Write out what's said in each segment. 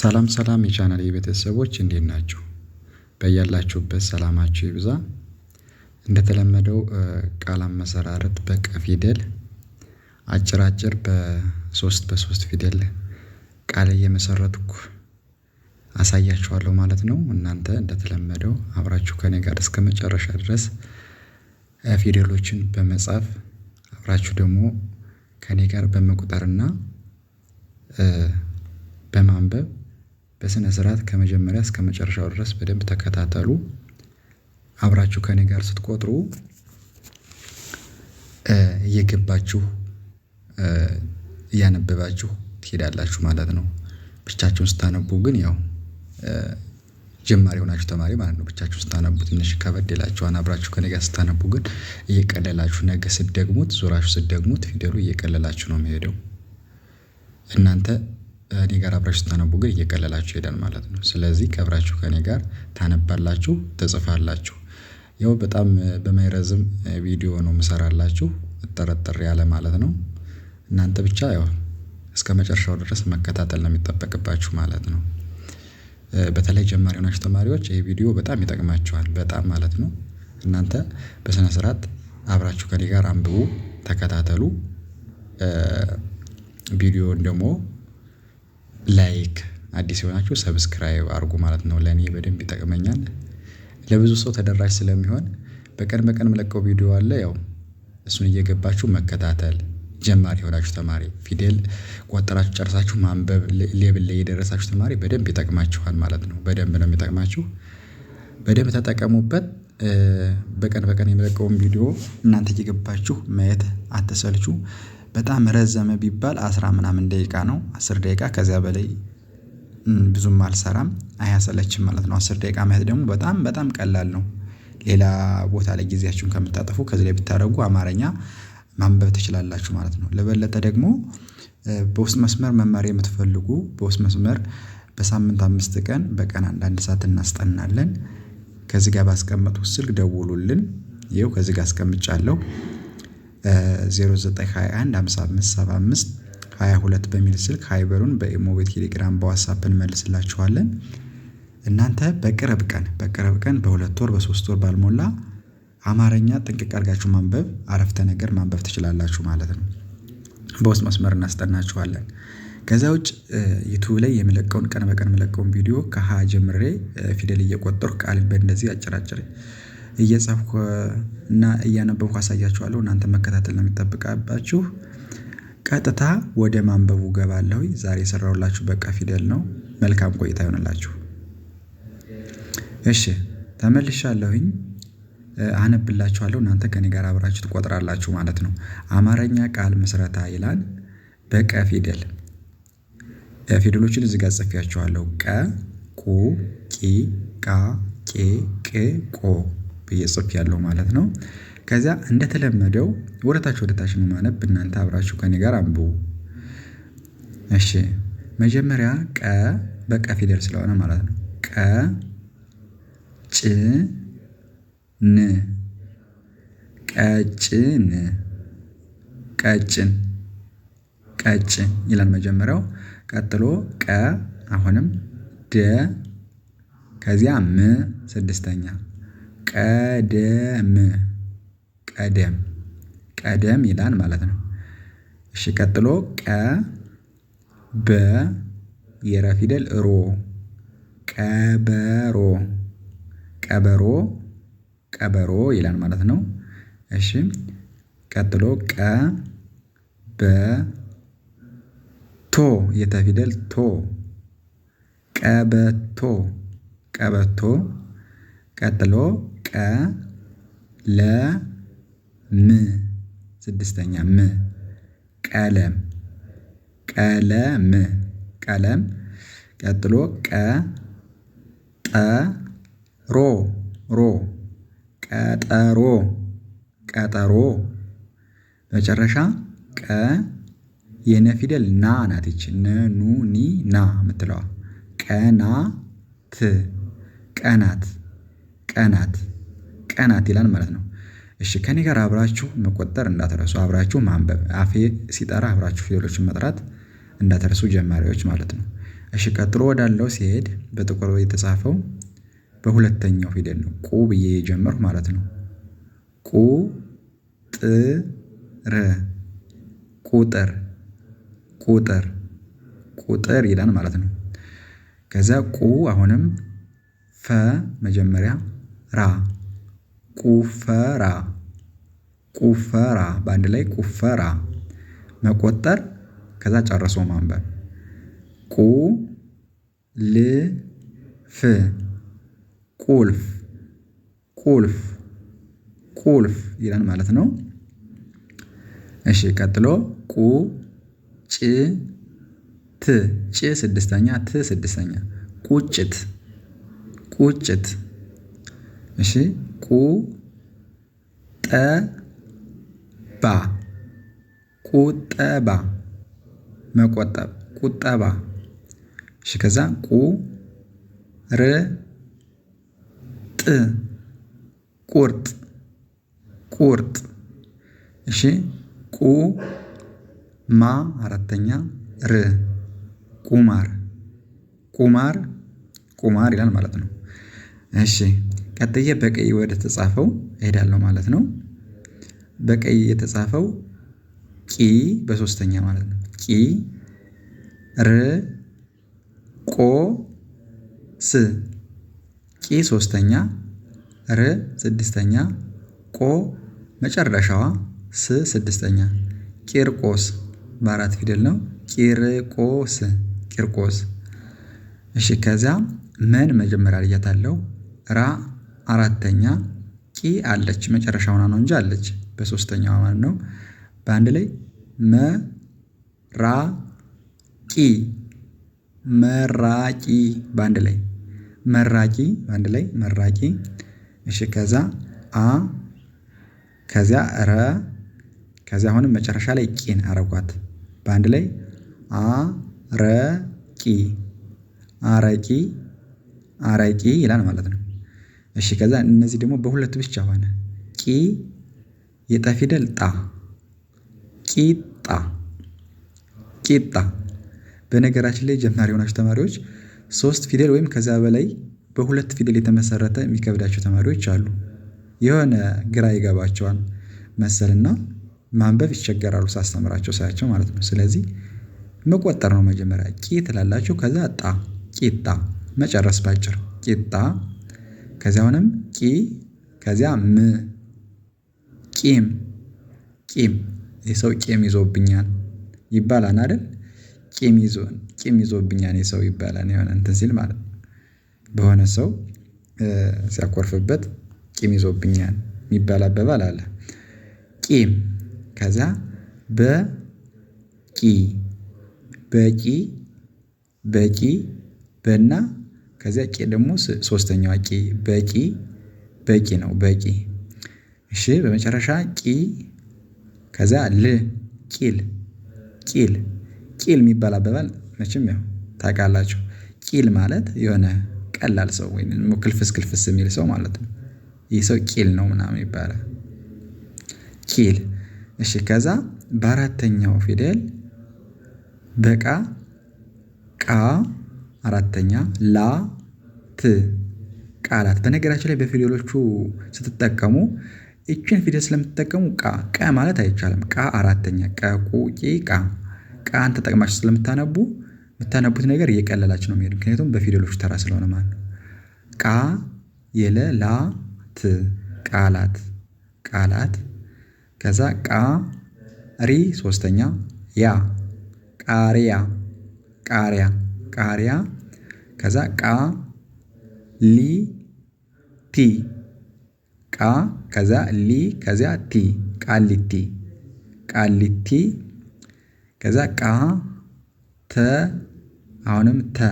ሰላም ሰላም የቻናል የቤተሰቦች እንዴት ናችሁ? በያላችሁበት ሰላማችሁ ይብዛ። እንደተለመደው ቃል አመሰራረት በቀ ፊደል አጭር አጭር በሶስት በሶስት ፊደል ቃል እየመሰረትኩ አሳያችኋለሁ ማለት ነው። እናንተ እንደተለመደው አብራችሁ ከኔ ጋር እስከ መጨረሻ ድረስ ፊደሎችን በመጻፍ አብራችሁ ደግሞ ከኔ ጋር በመቁጠርና በስነ ስርዓት ከመጀመሪያ እስከ መጨረሻው ድረስ በደንብ ተከታተሉ። አብራችሁ ከኔ ጋር ስትቆጥሩ እየገባችሁ እያነበባችሁ ትሄዳላችሁ ማለት ነው። ብቻችሁን ስታነቡ ግን ያው ጀማሪ የሆናችሁ ተማሪ ማለት ነው። ብቻችሁ ስታነቡ ትንሽ ከበድ ይላችኋል። አብራችሁ ከኔ ጋር ስታነቡ ግን እየቀለላችሁ ነገ ስትደግሙት ዞራችሁ ስትደግሙት ፊደሉ እየቀለላችሁ ነው የሚሄደው እናንተ እኔ ጋር አብራችሁ ስታነቡ ግን እየቀለላችሁ ይሄዳል ማለት ነው። ስለዚህ ከብራችሁ ከእኔ ጋር ታነባላችሁ ትጽፋላችሁ። ያው በጣም በማይረዝም ቪዲዮ ነው የምሰራላችሁ እጥርጥር ያለ ማለት ነው። እናንተ ብቻ ያው መጨረሻው ድረስ መከታተል ነው የሚጠበቅባችሁ ማለት ነው። በተለይ ጀማሪ ሆናችሁ ተማሪዎች ይህ ቪዲዮ በጣም ይጠቅማችኋል በጣም ማለት ነው። እናንተ በስነ ስርዓት አብራችሁ ከኔ ጋር አንብቡ ተከታተሉ። ቪዲዮን ደግሞ ላይክ አዲስ የሆናችሁ ሰብስክራይብ አድርጉ ማለት ነው። ለእኔ በደንብ ይጠቅመኛል ለብዙ ሰው ተደራሽ ስለሚሆን በቀን በቀን የምለቀው ቪዲዮ አለ። ያው እሱን እየገባችሁ መከታተል ጀማሪ የሆናችሁ ተማሪ ፊደል ቆጠራችሁ ጨርሳችሁ ማንበብ ሌብል ላይ የደረሳችሁ ተማሪ በደንብ ይጠቅማችኋል ማለት ነው። በደንብ ነው የሚጠቅማችሁ። በደንብ ተጠቀሙበት። በቀን በቀን የሚለቀውን ቪዲዮ እናንተ እየገባችሁ ማየት አትሰልቹ። በጣም ረዘመ ቢባል አስራ ምናምን ደቂቃ ነው አስር ደቂቃ ከዚያ በላይ ብዙም አልሰራም አያሰለችም ማለት ነው። አስር ደቂቃ ማለት ደግሞ በጣም በጣም ቀላል ነው። ሌላ ቦታ ላይ ጊዜያችሁን ከምታጠፉ ከዚህ ላይ ብታደርጉ አማርኛ ማንበብ ትችላላችሁ ማለት ነው። ለበለጠ ደግሞ በውስጥ መስመር መማር የምትፈልጉ በውስጥ መስመር በሳምንት አምስት ቀን በቀን አንዳንድ ሰዓት እናስጠናለን። ከዚህ ጋር ባስቀመጥኩት ስልክ ደውሉልን ይኸው ከዚህ ጋር አስቀምጫለሁ 0921 በሚል ስልክ ሀይበሩን በኢሞ በቴሌግራም በዋትሳፕ እንመልስላችኋለን። እናንተ በቅርብ ቀን በቅርብ ቀን በሁለት ወር በሶስት ወር ባልሞላ አማርኛ ጥንቅቅ አድርጋችሁ ማንበብ አረፍተ ነገር ማንበብ ትችላላችሁ ማለት ነው። በውስጥ መስመር እናስጠናችኋለን። ከዚያ ውጭ ዩቱብ ላይ የምለቀውን ቀን በቀን የምለቀውን ቪዲዮ ከሀ ጀምሬ ፊደል እየቆጠሩ ቃል በእንደዚህ አጭራጭሬ እየጻፍኩ እና እያነበብኩ አሳያችኋለሁ እናንተ መከታተል ነው የሚጠብቃባችሁ። ቀጥታ ወደ ማንበቡ ገባለሁ። ዛሬ የሰራሁላችሁ በቃ ፊደል ነው መልካም ቆይታ ይሆንላችሁ። እሺ ተመልሻለሁኝ አነብላችኋለሁ እናንተ ከኔ ጋር አብራችሁ ትቆጥራላችሁ ማለት ነው። አማርኛ ቃል ምስረታ ይላል። በቀ ፊደል ፊደሎችን እዚህ ጋር ጽፌያችኋለሁ ቀ ቁ ቂ ቃ ቄ ቅ ቆ ብዬ ያለው ማለት ነው። ከዚያ እንደተለመደው ወደ ታች ወደ ታች ነው ማነብ እናንተ አብራችሁ ከእኔ ጋር አንብቡ። እሺ መጀመሪያ ቀ በቀ ፊደል ስለሆነ ማለት ነው ቀ ጭ ን ቀጭን ቀጭን ቀጭን ይላል መጀመሪያው። ቀጥሎ ቀ አሁንም ደ ከዚያ ም ስድስተኛ ቀደም ቀደም ቀደም ይላል ማለት ነው። እሺ ቀጥሎ ቀ በ የረ ፊደል ሮ ቀበሮ ቀበሮ ቀበሮ ይላል ማለት ነው። እሺ ቀጥሎ ቀ በ ቶ የተ ፊደል ቶ ቀበቶ ቀበቶ ቀጥሎ ቀ ለ ም ስድስተኛ ም ቀለም ቀለም ቀለም ቀጥሎ ቀ ጠ ሮ ሮ ቀጠሮ ቀጠሮ መጨረሻ ቀ የነ ፊደል ና ናትች ነ ኑ ኒ ና የምትለዋ ቀና ት ቀናት ቀናት ቀናት ይላል ማለት ነው። እሺ ከኔ ጋር አብራችሁ መቆጠር እንዳትረሱ፣ አብራችሁ ማንበብ፣ አፌ ሲጠራ አብራችሁ ፊደሎችን መጥራት እንዳትረሱ ጀማሪዎች ማለት ነው። እሺ ቀጥሎ ወዳለው ሲሄድ በጥቁር የተጻፈው በሁለተኛው ፊደል ነው። ቁ ብዬ የጀመርሁ ማለት ነው። ቁ ጥ ር ቁጥር ቁጥር ቁጥር ይላል ማለት ነው። ከዚያ ቁ አሁንም ፈ መጀመሪያ ራ ቁፈራ ቁፈራ በአንድ ላይ ቁፈራ መቆጠር ከዛ ጨርሶ ማንበብ ቁ ል ፍ ቁልፍ ቁልፍ ቁልፍ ይላል ማለት ነው። እሺ ቀጥሎ ቁ ጭ ት ጭ ስድስተኛ ት ስድስተኛ ቁጭት ቁጭት እሺ ባ ቁጠባ መቆጠብ ቁጠባ እሺ ከዛ ጥ ቁርጥ ቁርጥ እሺ ቁ ማ አራተኛ ር ቁማር ቁማር ቁማር ይላል ማለት ነው። እሺ ቀጥዬ በቀይ ወደ ተጻፈው እሄዳለሁ ማለት ነው። በቀይ የተጻፈው ቂ በሶስተኛ ማለት ነው። ቂ ር ቆ ስ ቂ ሶስተኛ ር ስድስተኛ ቆ መጨረሻዋ ስ ስድስተኛ ቂርቆስ በአራት ፊደል ነው። ቂርቆስ ቂርቆስ። እሺ ከዚያ መን መጀመሪያ ልያታለው ራ አራተኛ ቂ አለች መጨረሻው ሆና ነው እንጂ አለች በሶስተኛው ማለት ነው። በአንድ ላይ መራቂ መራቂ በአንድ ላይ መራቂ በአንድ ላይ መራቂ። እሺ ከዛ አ ከዚያ ረ ከዚያ አሁንም መጨረሻ ላይ ቂን አረጓት በአንድ ላይ አ አረቂ አረቂ አረቂ ይላል ማለት ነው። እሺ ከዛ እነዚህ ደግሞ በሁለት ብቻ ሆነ ቂ የጠ ፊደል ጣ ቂጣ ቂጣ። በነገራችን ላይ ጀማሪ የሆናችሁ ተማሪዎች ሶስት ፊደል ወይም ከዛ በላይ በሁለት ፊደል የተመሰረተ የሚከብዳቸው ተማሪዎች አሉ። የሆነ ግራ ይገባቸዋል መሰልና ማንበብ ይቸገራሉ ሳስተምራቸው ሳያቸው ማለት ነው። ስለዚህ መቆጠር ነው መጀመሪያ ቂ ትላላችሁ ከዛ ጣ ቂጣ መጨረስ ባጭር ቂጣ ከዚያ አሁንም ቂ ከዚያ ም ቂም ቂም የሰው ቂም ይዞብኛል ይባላል አይደል? ቂም ይዞን ቂም ይዞብኛል የሰው ይባላል የሆነ እንትን ሲል ማለት ነው። በሆነ ሰው ሲያኮርፍበት ቂም ይዞብኛል የሚባል አባባል አለ። ቂም ከዛ በቂ በቂ በቂ በና ከዚያ ቄ ደግሞ ሶስተኛዋ ቄ በቂ በቂ ነው በቂ። እሺ በመጨረሻ ቂ ከዛ ል ቂል ቂል ቂል የሚባል አባባል መቼም ያው ታውቃላችሁ። ቂል ማለት የሆነ ቀላል ሰው ወይም ክልፍስ ክልፍስ የሚል ሰው ማለት ነው። ይህ ሰው ቂል ነው ምናምን ይባላል። ቂል እሺ ከዛ በአራተኛው ፊደል በቃ ቃ አራተኛ ላ ት ቃላት በነገራችን ላይ በፊደሎቹ ስትጠቀሙ እችን ፊደል ስለምትጠቀሙ ቃ ቀ ማለት አይቻልም። ቃ አራተኛ ቀ ቁቂ ቃ ቃን ተጠቅማችሁ ስለምታነቡ የምታነቡት ነገር እየቀለላችሁ ነው የሚሄድ ምክንያቱም በፊደሎቹ ተራ ስለሆነ ማለት ነው። ቃ የለ ላ ት ቃላት ቃላት ከዛ ቃ ሪ ሶስተኛ ያ ቃሪያ ቃሪያ ቃሪያ ከዛ ቃ ሊ ቲ ቃ ከዛ ሊ ከዚያ ቲ ቃሊቲ ቃሊቲ ከዛ ቃ ተ አሁንም ተ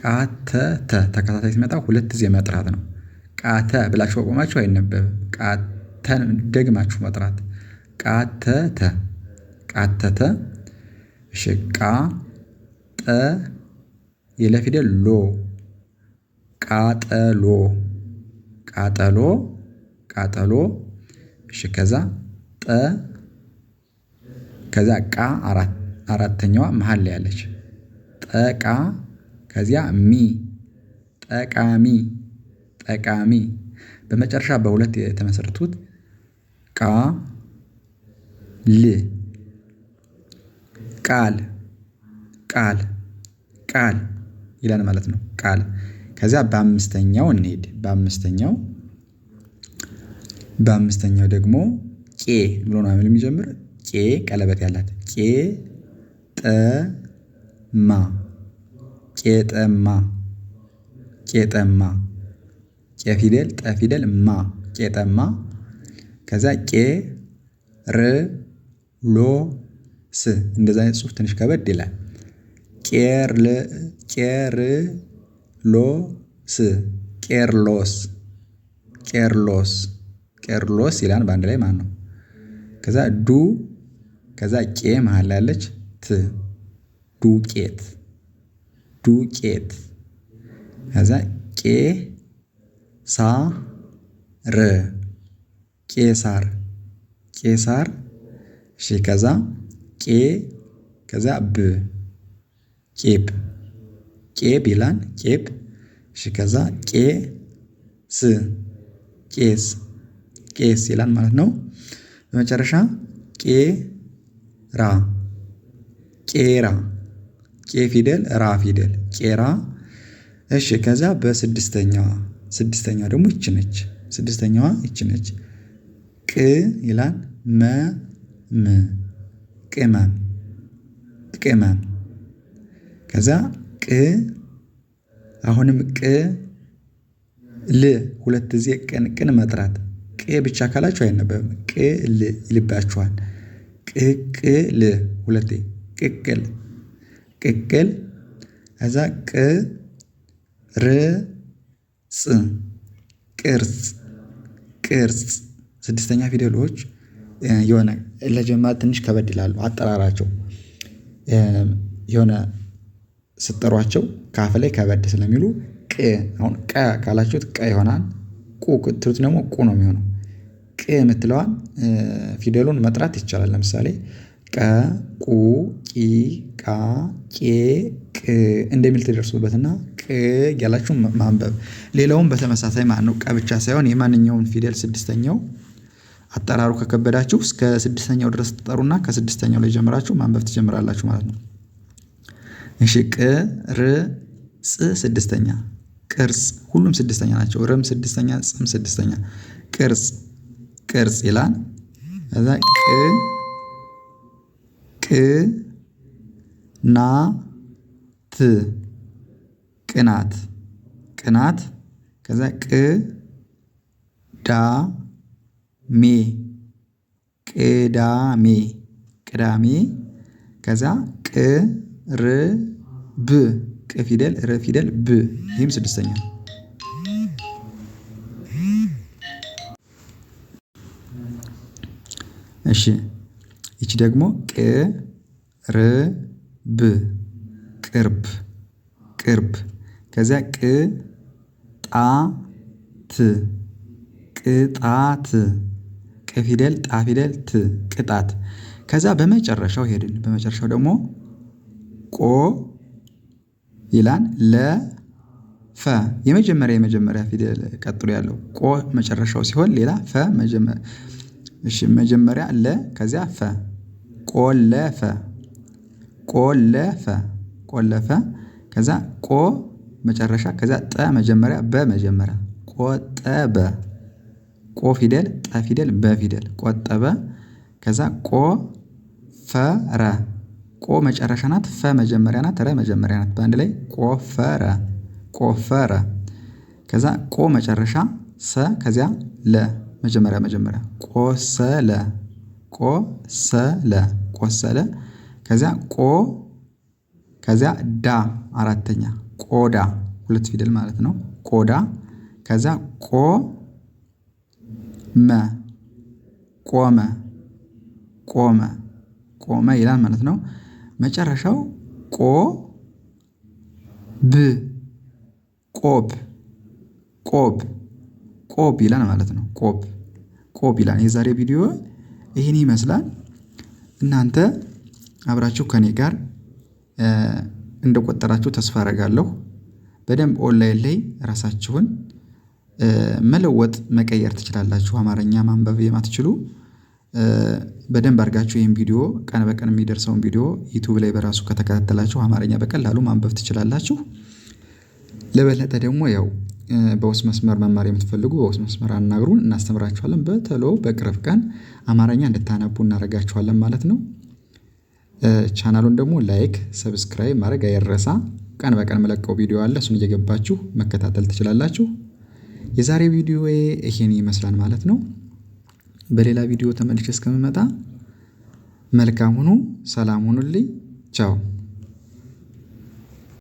ቃ ተ ተ ተከታታይ ሲመጣ ሁለት ጊዜ መጥራት ነው። ቃተ ብላችሁ በቆማችሁ አይነበብም። ቃተን ደግማችሁ መጥራት ቃተተ ቃተተ። እሺ ቃ ጠ የለፊደል ሎ ቃጠሎ ቃጠሎ ቃጠሎ እሺ ከዛ ጠ ከዛ ቃ አራተኛዋ መሃል ላይ ያለች ጠቃ ከዚያ ሚ ጠቃሚ ጠቃሚ በመጨረሻ በሁለት የተመሰረቱት ቃ ል ቃል ቃል ቃል ይለን ማለት ነው ቃል። ከዚያ በአምስተኛው እንሄድ። በአምስተኛው በአምስተኛው ደግሞ ቄ ብሎ ነው አይደል የሚጀምር ቄ ቀለበት ያላት ቄ ጠማ ቄጠማ ቄጠማ ቄ ፊደል ጠ ፊደል ማ ቄጠማ። ከዛ ቄ ር ሎ ስ እንደዛ አይነት ጽሁፍ ትንሽ ከበድ ይላል። ቄርሎስ ቄርሎስ ቄርሎስ ቄርሎስ ይላል በአንድ ላይ ማለት ነው። ከዛ ዱ ከዛ ቄ መሃል ላይ ት ዱቄት ዱቄት ከዛ ቄ ሳ ር ቄሳር ቄሳር እሺ ከዛ ቄ ከዛ ብ ቄብ ቄብ ይላል ቄብ እሺ ከዛ ቄ ስ ቄስ ቄስ ይላል ማለት ነው። በመጨረሻ ቄ ራ ቄራ ቄ ፊደል ራ ፊደል ቄራ። እሺ ከዛ በስድስተኛዋ ስድስተኛዋ ደግሞ ይቺ ነች። ስድስተኛዋ ይቺ ነች። ቅ ይላል መ ም ቅመም ቅመም ከዛ ቅ አሁንም ቅ ል ሁለት ጊዜ ቅን ቅን መጥራት ቅ ብቻ ካላችሁ አይነበብም። ቅ ል ይልባችኋል። ቅቅል ሁለቴ ቅቅል ቅቅል ከዛ ቅ ር ጽ ቅርጽ ቅርጽ ስድስተኛ ፊደሎች የሆነ ለጀማ ትንሽ ከበድ አጠራራቸው የሆነ ስጠሯቸው ካፍ ላይ ከበድ ስለሚሉ ቅ አሁን ቀ ካላችሁት ቀ ይሆናል። ቁ ትሉት ደግሞ ቁ ነው የሚሆነው። ቅ የምትለዋን ፊደሉን መጥራት ይቻላል። ለምሳሌ ቀ፣ ቁ፣ ቂ፣ ቃ፣ ቄ፣ ቅ እንደሚል ትደርሱበትና ቅ ያላችሁ ማንበብ። ሌላውም በተመሳሳይ ማለት ነው። ቀ ብቻ ሳይሆን የማንኛውን ፊደል ስድስተኛው አጠራሩ ከከበዳችሁ እስከ ስድስተኛው ድረስ ትጠሩና ከስድስተኛው ላይ ጀምራችሁ ማንበብ ትጀምራላችሁ ማለት ነው። እሺ ቅ ር ፅ ስድስተኛ ቅርጽ ሁሉም ስድስተኛ ናቸው። ርም ስድስተኛ፣ ጽም ስድስተኛ። ቅርጽ ቅርጽ ይላል። ከዛ ቅ ቅ ና ት ቅናት ቅናት። ከዛ ቅ ዳ ሜ ቅዳሜ ቅዳሜ። ከዛ ቅ ር ብ ቅ ፊደል ር ፊደል ብ ይህም ስድስተኛ ነው። እሺ ይቺ ደግሞ ቅ ር ብ ቅርብ ቅርብ ከዚያ ቅ ጣ ት ቅጣት ቅ ፊደል ጣ ፊደል ት ቅጣት ከዛ በመጨረሻው ሄድን። በመጨረሻው ደግሞ ቆ ይላን ለ ፈ የመጀመሪያ የመጀመሪያ ፊደል ቀጥሎ ያለው ቆ መጨረሻው ሲሆን ሌላ ፈ መጀመሪያ ለ ከዚያ ፈ ቆለፈ ቆለፈ ቆለፈ ከዛ ቆ መጨረሻ ከዛ ጠ መጀመሪያ በ መጀመሪያ ቆጠበ ቆ ፊደል ጠ ፊደል በ ፊደል ቆጠበ ከዛ ቆ ፈረ ቆ መጨረሻ ናት ፈ መጀመሪያ ናት ረ መጀመሪያ ናት በአንድ ላይ ቆፈረ ቆፈረ። ከዛ ቆ መጨረሻ ሰ ከዚያ ለ መጀመሪያ መጀመሪያ ቆሰለ ቆሰለ ቆሰለ። ከዚያ ቆ ከዚያ ዳ አራተኛ ቆዳ ሁለት ፊደል ማለት ነው። ቆዳ ከዚያ ቆ መ ቆመ ቆመ ቆመ ይላል ማለት ነው። መጨረሻው ቆ ብ ቆብ ቆብ ቆብ ይላል ማለት ነው። ቆብ ቆብ ይላል የዛሬ ቪዲዮ ይሄን ይመስላል። እናንተ አብራችሁ ከኔ ጋር እንደቆጠራችሁ ተስፋ አረጋለሁ። በደንብ ኦንላይን ላይ ራሳችሁን መለወጥ መቀየር ትችላላችሁ። አማርኛ ማንበብ የማትችሉ በደንብ አድርጋችሁ ይህን ቪዲዮ ቀን በቀን የሚደርሰውን ቪዲዮ ዩቲዩብ ላይ በራሱ ከተከታተላችሁ አማርኛ በቀላሉ ማንበብ ትችላላችሁ። ለበለጠ ደግሞ ያው በውስጥ መስመር መማር የምትፈልጉ በውስጥ መስመር አናግሩን፣ እናስተምራችኋለን። በተሎ በቅርብ ቀን አማርኛ እንድታነቡ እናደርጋችኋለን ማለት ነው። ቻናሉን ደግሞ ላይክ፣ ሰብስክራይብ ማድረግ አይረሳ። ቀን በቀን መለቀው ቪዲዮ አለ። እሱን እየገባችሁ መከታተል ትችላላችሁ። የዛሬ ቪዲዮ ይሄን ይመስላል ማለት ነው። በሌላ ቪዲዮ ተመልሼ እስከምመጣ መልካም ሁኑ። ሰላም ሁኑልኝ። ቻው